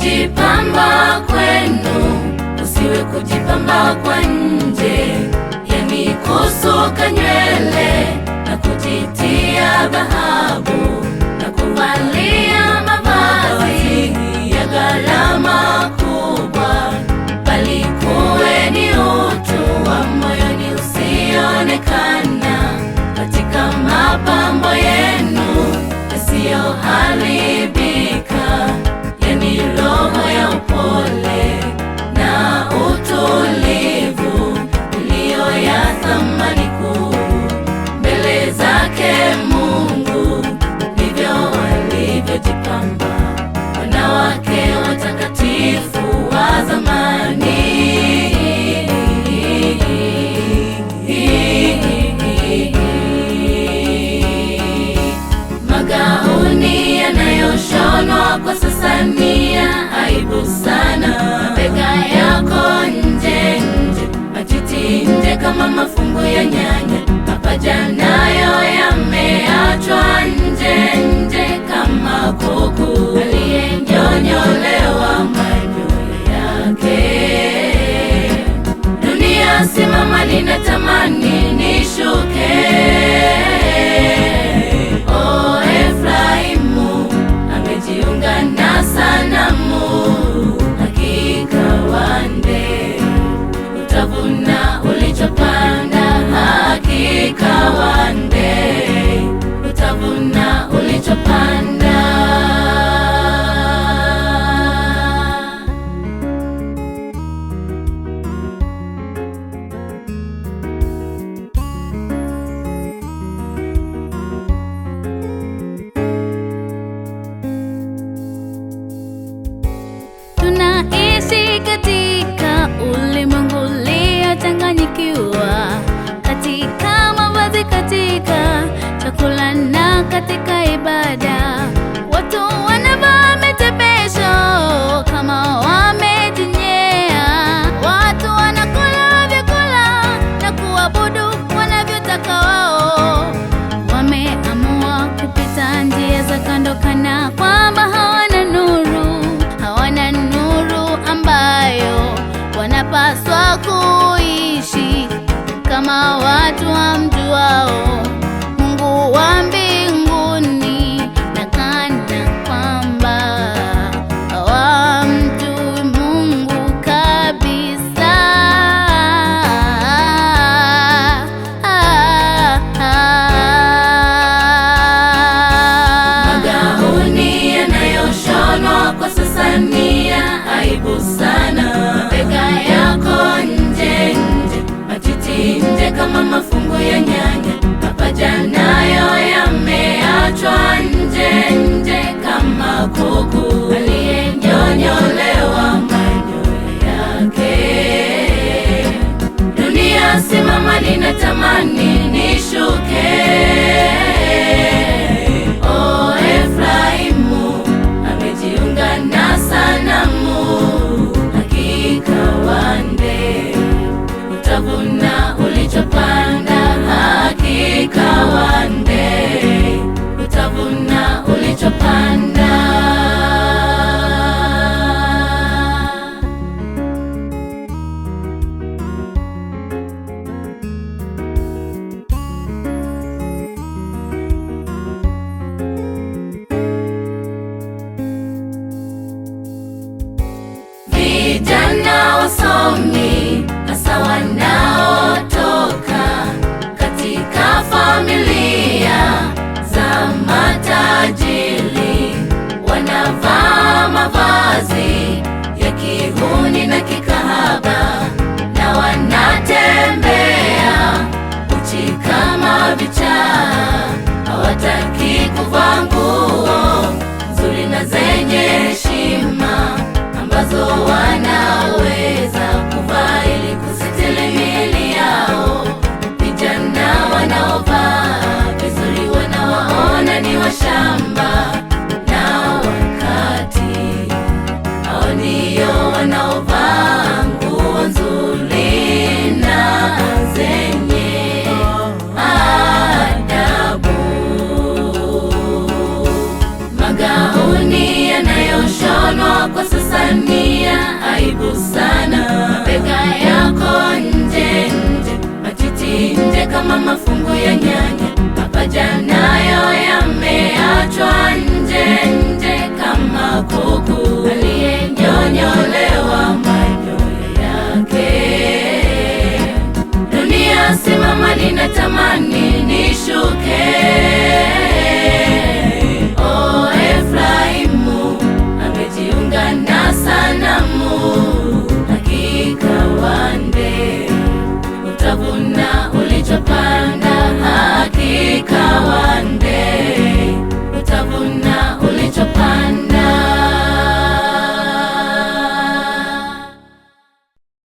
kujipamba kwenu, usiwe kujipamba kwa nje, yani kusoka kuishi katika ulimwengu uliochanganyikiwa, katika mavazi, katika chakula na katika ibada. kama watu kama mafungu ya nyanya, mapajana yo yameachwa nje nje kama kuku aliyenyonyolewa manyoya yake. Dunia simama, ninatamani nishuke Yeah. mafungu ya nyanya, mapajana yo yameachwa nje nje kama kuku aliyenyonyolewa manyoya yake. Dunia simama, ninatamani